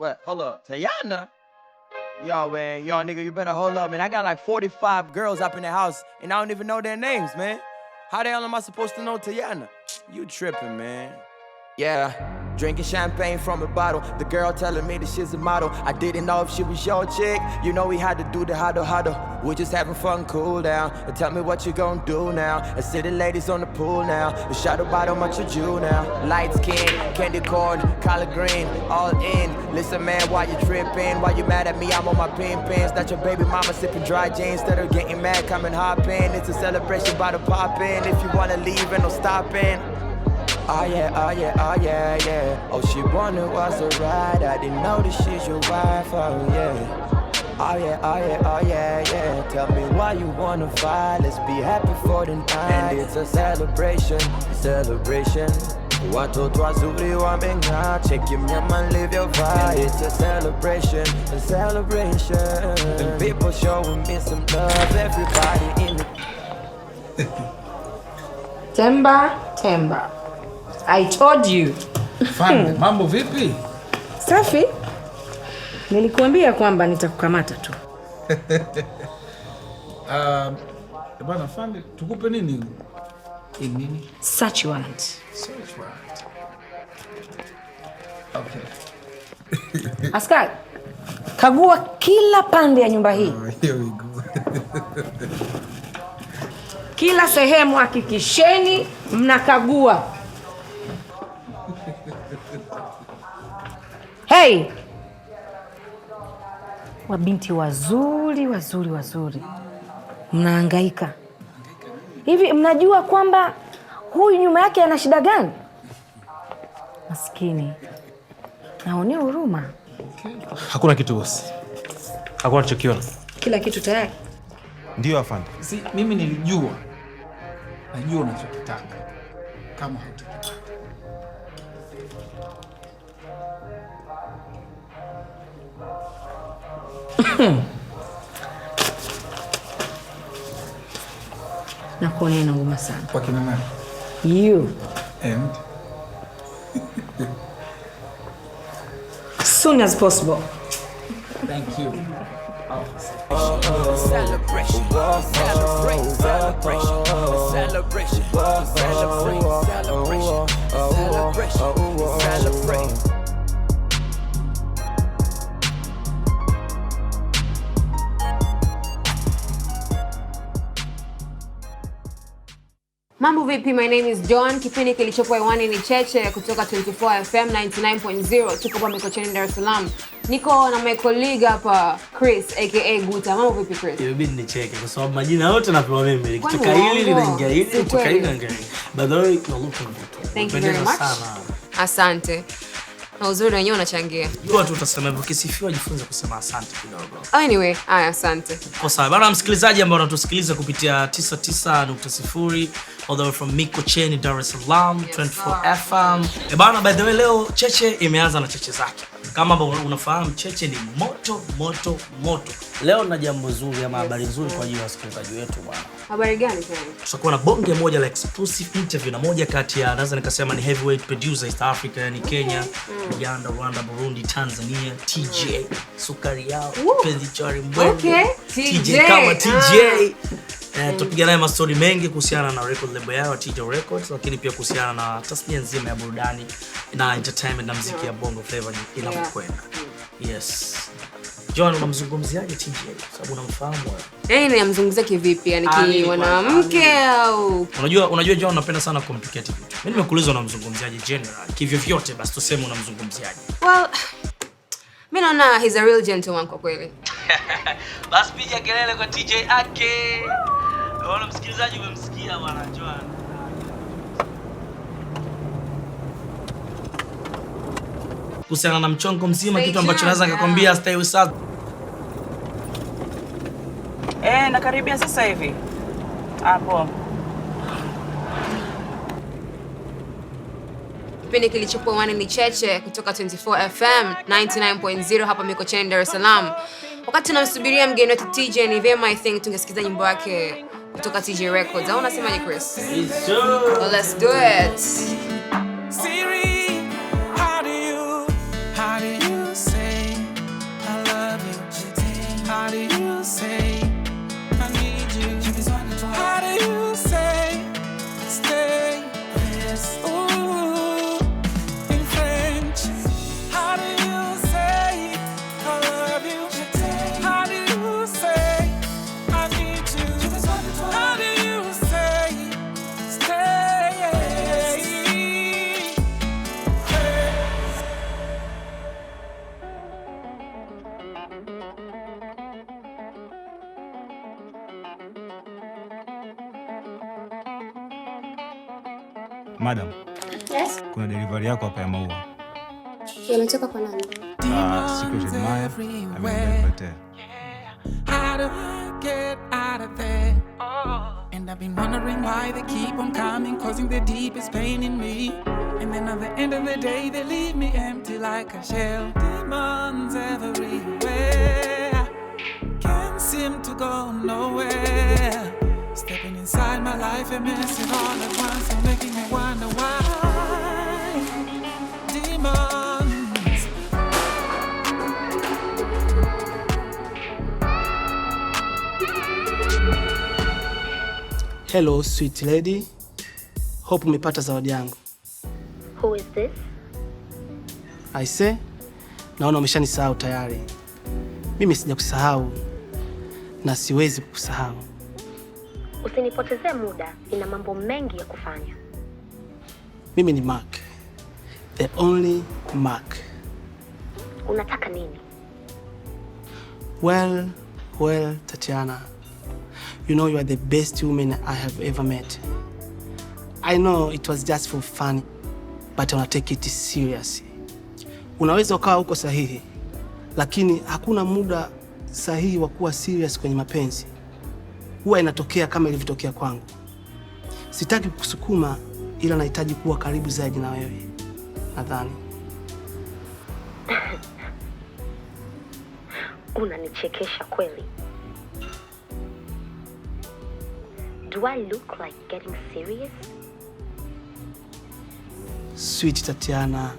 What? Hold up. Tayana? Yo, man. Yo, nigga, you better hold up, man. I got like 45 girls up in the house, and I don't even know their names, man. How the hell am I supposed to know Tayana? You tripping, man. Yeah. Drinking champagne from a bottle. The girl telling me that she's a model. I didn't know if she was your chick. You know we had to do the huddle huddle. We're just having fun, cool down. And tell me what you gonna do now. I see the ladies on the pool now. The shadow bottle, much of you now. Light skin, candy corn, collard green, all in. Listen, man, why you tripping? Why you mad at me? I'm on my pin pins. That your baby mama sipping dry Jane. Instead of getting mad, coming hopping. It's a celebration by the pop in. If you wanna leave and no stopping. Oh yeah, oh yeah, oh yeah, yeah. Oh, she wanted was a ride. I didn't know that she's your wife, oh yeah. Oh yeah, oh yeah, oh yeah, yeah. Tell me why you wanna fight. Let's be happy for the night. And it's a celebration, celebration. Check wazuri wameng'aa, cheki live your And it's a celebration, a celebration. And people showing me some love, everybody in the. Temba, Temba. I told you. Fande, hmm. mambo vipi? Safi. Nilikuambia kwamba nitakukamata tu. Um, bana Fande, tukupe nini? E, nini? Search warrant. Search warrant. Okay. Askari, kagua kila pande ya nyumba hii. Oh, here we go. Kila sehemu hakikisheni mnakagua. Hey! Wabinti wazuri wazuri wazuri, mnaangaika hivi. Mnajua kwamba huyu nyuma yake ana shida gani? Maskini, naonea huruma. Hakuna kitu bosi, hakuna chokiona, kila kitu tayari. Ndiyo afande. Si, mimi nilijua, najua unachokitaka kama hata Hmm. Nakuona ina sana kwa kina mama. You. And? Soon as possible. Thank you. Celebration. Mambo vipi? My name is John. Kipindi kilichopo hewani ni Cheche kutoka 24 FM 99.0. Tuko kwa Mikocheni, Dar es Salaam. Niko na my colleague hapa Chris aka Guta. Mambo vipi Chris? Inabidi nicheke kwa sababu majina yote napewa mimi. Nikitoka hili linaingia hili, kutoka hili linaingia hili. By the way, thank you very much. Asante. Na uzuri wenyewe unachangia. Jua tu utasema hivyo, kisifiwa jifunze kusema asante kidogo. Anyway, haya asante. Kwa sababu bana, msikilizaji ambao unatusikiliza kupitia 99.0 all the way from Mikocheni, Dar es Salaam, 24 FM. E bana, by the way, leo cheche imeanza na cheche zake. Kama unafahamu cheche ni moto moto moto. Leo na jambo zuri ama habari yes, nzuri kwa ajili ya wasikilizaji wetu bwana. Habari gani tena? Tutakuwa na bonge moja la exclusive interview na moja kati ya naweza nikasema ni heavyweight producer East Africa, yani mm-hmm. Kenya, mm. Uganda, Rwanda, Burundi, Tanzania, TJ, mm. sukari yao, penzi chari mbwembwe. Okay. TJ kama TJ. Ah. Mm. Eh, mm. tutapiga naye mastori mengi kuhusiana na record label yao Tija Records, lakini pia kuhusiana na tasnia nzima ya burudani na entertainment na muziki ya Bongo Flava inapokwenda. Yes. John, unamzungumziaje TJ? Sababu unamfahamu wewe. Eh, namzungumzia kivipi? Yaani ah, ki mwanamke ah, au? Unajua, unajua John anapenda sana complicate vitu. Mimi nimekuuliza unamzungumziaje general. Kivyo vyote basi tuseme unamzungumziaje. Well, mimi naona he's a real gentleman kwa kweli. Basi piga kelele kwa TJ ake. Ona msikilizaji, umemsikia bwana Joan. Kuhusiana na mchongo mzima, kitu ambacho naweza nikakwambia stay with us. Eh, nakaribia sasa hivi hapo. Kipindi kilichokuwa wani ni cheche kutoka 24 FM 99.0 hapa Mikocheni, Dar es Salaam. Wakati tunamsubiria mgeni wetu TJ, ni vema I think tungesikiza nyimbo yake kutoka TJ Records. Au unasemaje Chris? Let's do it. delivery yako hapa ya maua yanatoka kwa nani? Ah, Secret Admirer amenipatia. How do I get out of there? And I've been wondering why they keep on coming, causing the deepest pain in me. And then at the end of the day, they leave me empty like a shell. Demons everywhere, can't seem to go nowhere. Stepping inside my life and messing all at once and making me wonder why. Hello, sweet lady. Hope umepata zawadi yangu. Who is this? I say, naona umeshanisahau tayari. Mimi sija kusahau na siwezi kukusahau. Usinipotezee muda, ina mambo mengi ya kufanya. Mimi ni Mark the only Mark. Unataka nini? Well, well, Tatiana, you know you are the best woman I have ever met. I know it was just for fun, but I want to take it seriously. Unaweza ukawa uko sahihi, lakini hakuna muda sahihi wa kuwa serious kwenye mapenzi. Huwa inatokea kama ilivyotokea kwangu. Sitaki kukusukuma, ila nahitaji kuwa karibu zaidi na wewe nadhani. Unanichekesha kweli. Do I look like getting serious? Sweet Tatiana,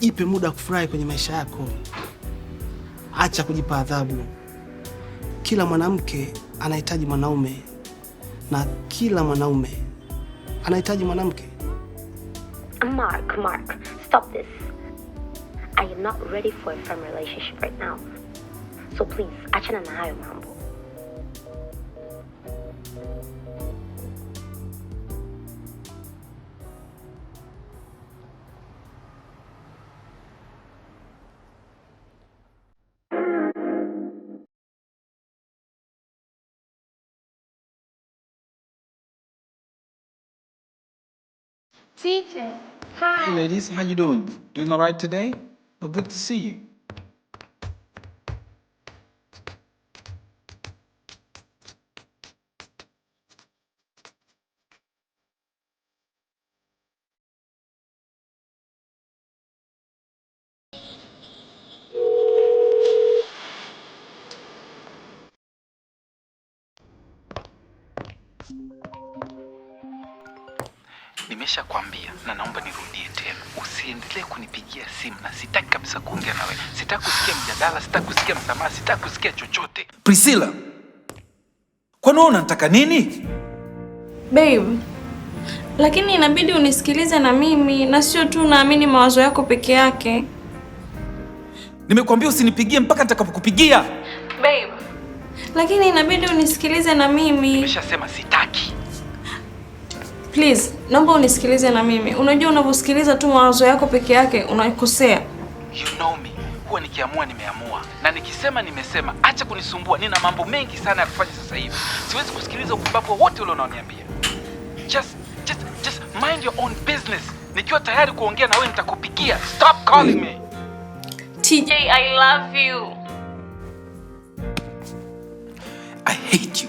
jipe muda wa kufurahi kwenye maisha yako, acha kujipa adhabu. Kila mwanamke anahitaji mwanaume na kila mwanaume anahitaji mwanamke. Mark, Mark, stop this. I am not ready for a firm relationship right now. So please, achana na hayo mambo. Teacher. Hi. Hey ladies, how you doing? Doing all right today? Well, good to see you. kusikia msamaha, sitaki kusikia chochote. Priscilla, kwani wewe unataka nini? Babe, lakini inabidi unisikilize na mimi na sio tu naamini mawazo yako peke yake. Nimekuambia usinipigie mpaka nitakapokupigia. Babe, lakini inabidi unisikilize na mimi. Nimeshasema sitaki. Please, naomba unisikilize na mimi. Unajua unavyosikiliza tu mawazo yako peke yake unakosea. You know me kuwa nikiamua nimeamua, na nikisema nimesema. Acha kunisumbua, nina mambo mengi sana ya kufanya sasa hivi. Siwezi kusikiliza upumbavu wote ule unaoniambia. Just, just, just mind your own business. Nikiwa tayari kuongea na wewe nitakupigia. Stop calling me. TJ, I love you. I hate you.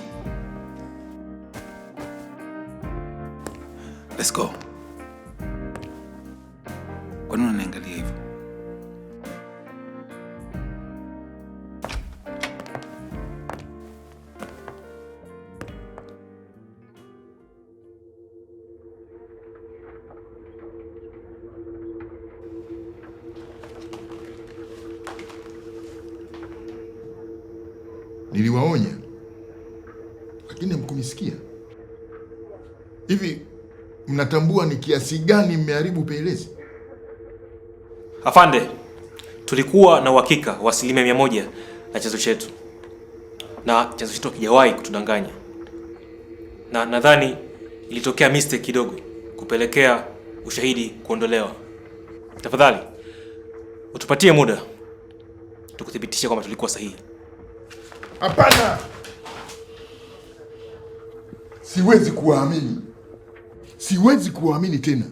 Let's go. Kwa nini unaangalia Niliwaonya lakini hamkunisikia. Hivi mnatambua ni kiasi gani mmeharibu pelezi? Afande, tulikuwa na uhakika wa asilimia mia moja na chanzo chetu, na chanzo chetu hakijawahi kutudanganya, na nadhani ilitokea mistake kidogo kupelekea ushahidi kuondolewa. Tafadhali utupatie muda tukuthibitishe kwamba tulikuwa sahihi. Hapana, siwezi kuwaamini, siwezi kuwaamini tena.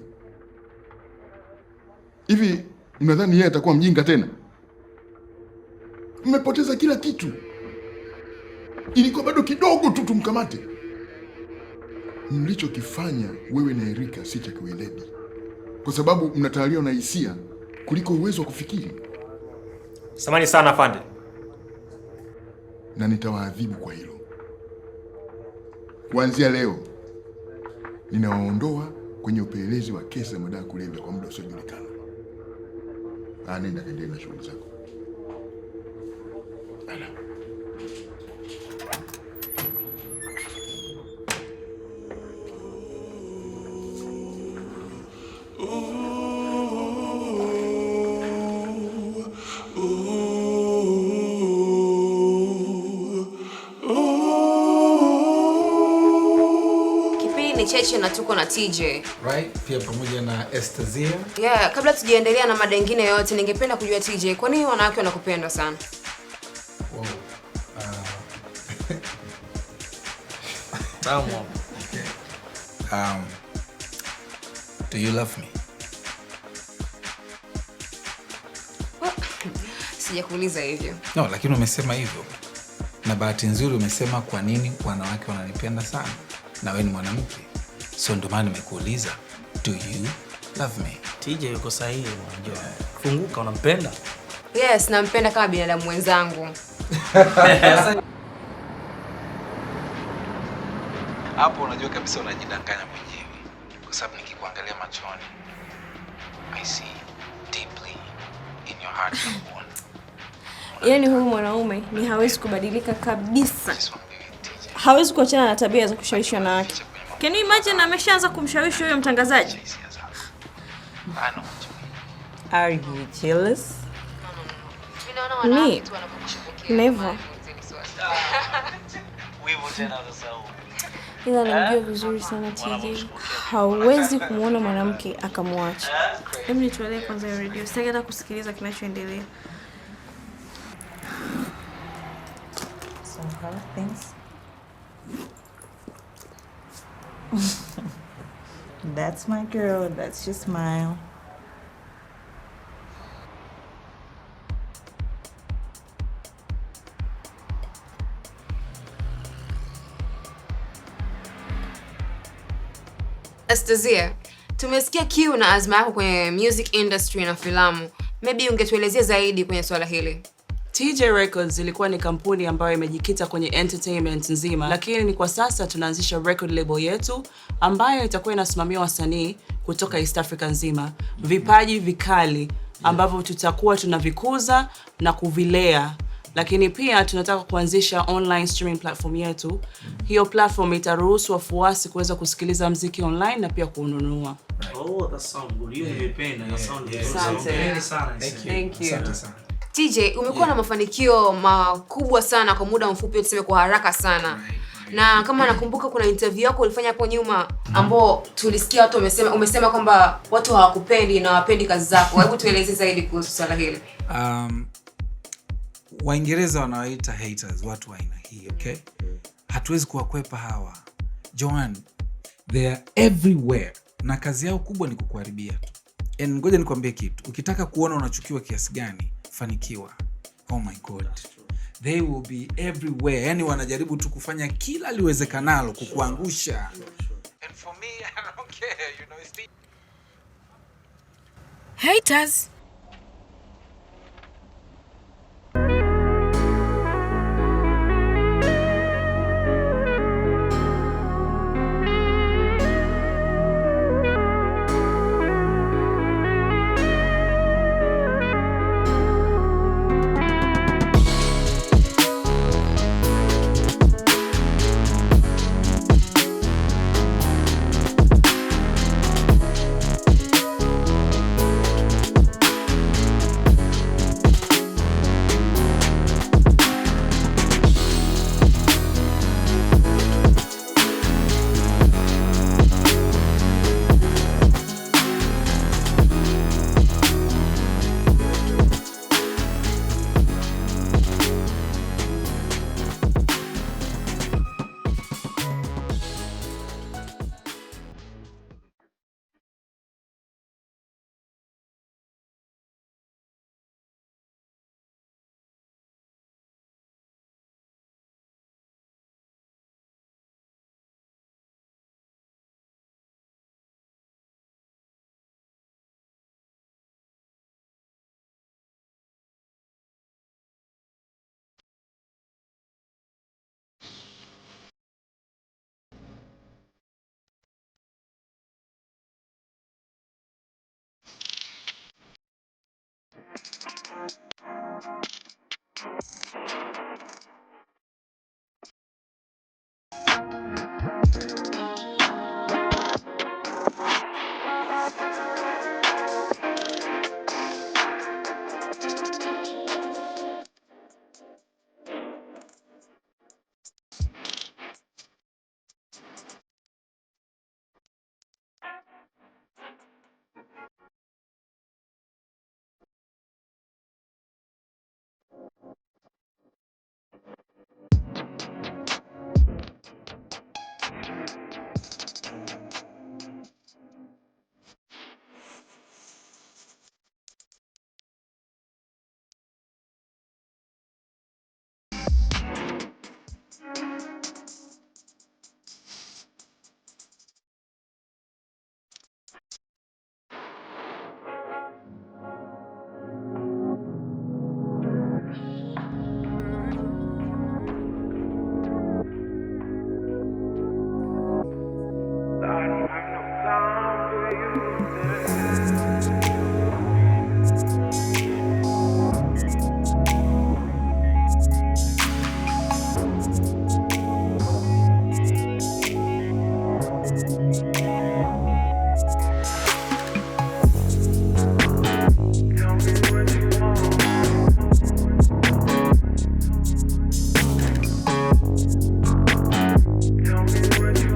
Hivi mnadhani yeye atakuwa mjinga tena? Mmepoteza kila kitu, ilikuwa bado kidogo tu tumkamate. Mlichokifanya wewe na Erika si cha kiweledi, kwa sababu mnatawaliwa na hisia kuliko uwezo wa kufikiri. Samani sana afande na nitawaadhibu kwa hilo. Kuanzia leo ninawaondoa kwenye upelelezi wa kesi za madawa kulevya kwa muda usiojulikana. Nenda kaendelee na shughuli zako. mimi ni Cheche na tuko na TJ. Right, pia pamoja na Estazia. Yeah, kabla tujaendelea na mada nyingine yote ningependa kujua TJ, kwa nini wanawake wanakupenda sana? Wow. Uh... Tamu. Okay. Um, do you love me? Sijakuuliza hivyo. No, lakini umesema hivyo. Na bahati nzuri umesema kwa nini wanawake wananipenda sana na wewe ni mwanamke, so ndio maana nimekuuliza do you love me. TJ yuko sahihi, unajua. Funguka, unampenda? Yes, nampenda kama binadamu wenzangu Hapo unajua kabisa unajidanganya mwenyewe, kwa sababu nikikuangalia machoni I see deeply in your heart. Yaani huyu mwanaume ni hawezi kubadilika kabisa hawezi kuachana na tabia za kushawishi wanawake. Can you imagine ameshaanza kumshawishi huyo mtangazaji? Are you jealous? Me? Never. Ila namjua eh? vizuri sana TJ. Hawezi kumwona mwanamke akamwacha. Hebu nitolee kwanza ya radio. Sitaki hata kusikiliza kinachoendelea. So how things That's my girl. That's your smile. Astazia, tumesikia kiu na azma yako kwenye music industry na filamu. Maybe ungetuelezea zaidi kwenye swala hili. TJ Records ilikuwa ni kampuni ambayo imejikita kwenye entertainment nzima, lakini kwa sasa tunaanzisha record label yetu ambayo itakuwa inasimamia wasanii kutoka East Africa nzima, vipaji vikali ambavyo tutakuwa tunavikuza na kuvilea lakini pia tunataka kuanzisha online streaming platform yetu. Hiyo platform itaruhusu wafuasi kuweza kusikiliza mziki online na pia kuununua. Right. Oh, TJ umekuwa yeah. na mafanikio makubwa sana kwa muda mfupi, tuseme kwa haraka sana right na kama nakumbuka kuna interview yako ulifanya hapo nyuma mm-hmm. ambao tulisikia watu wamesema, umesema kwamba watu hawakupendi na wapendi kazi zako. Hebu tueleze zaidi kuhusu swala hili. Um, Waingereza wanawaita haters, watu wa aina hii okay? Hatuwezi kuwakwepa hawa Joan, they are everywhere na kazi yao kubwa ni kukuharibia tu. Ngoja nikwambie kitu, ukitaka kuona unachukiwa kiasi gani kufanikiwa. Oh my God, they will be everywhere. Yani wanajaribu tu kufanya kila liwezekanalo kukuangusha. Haters Thank you.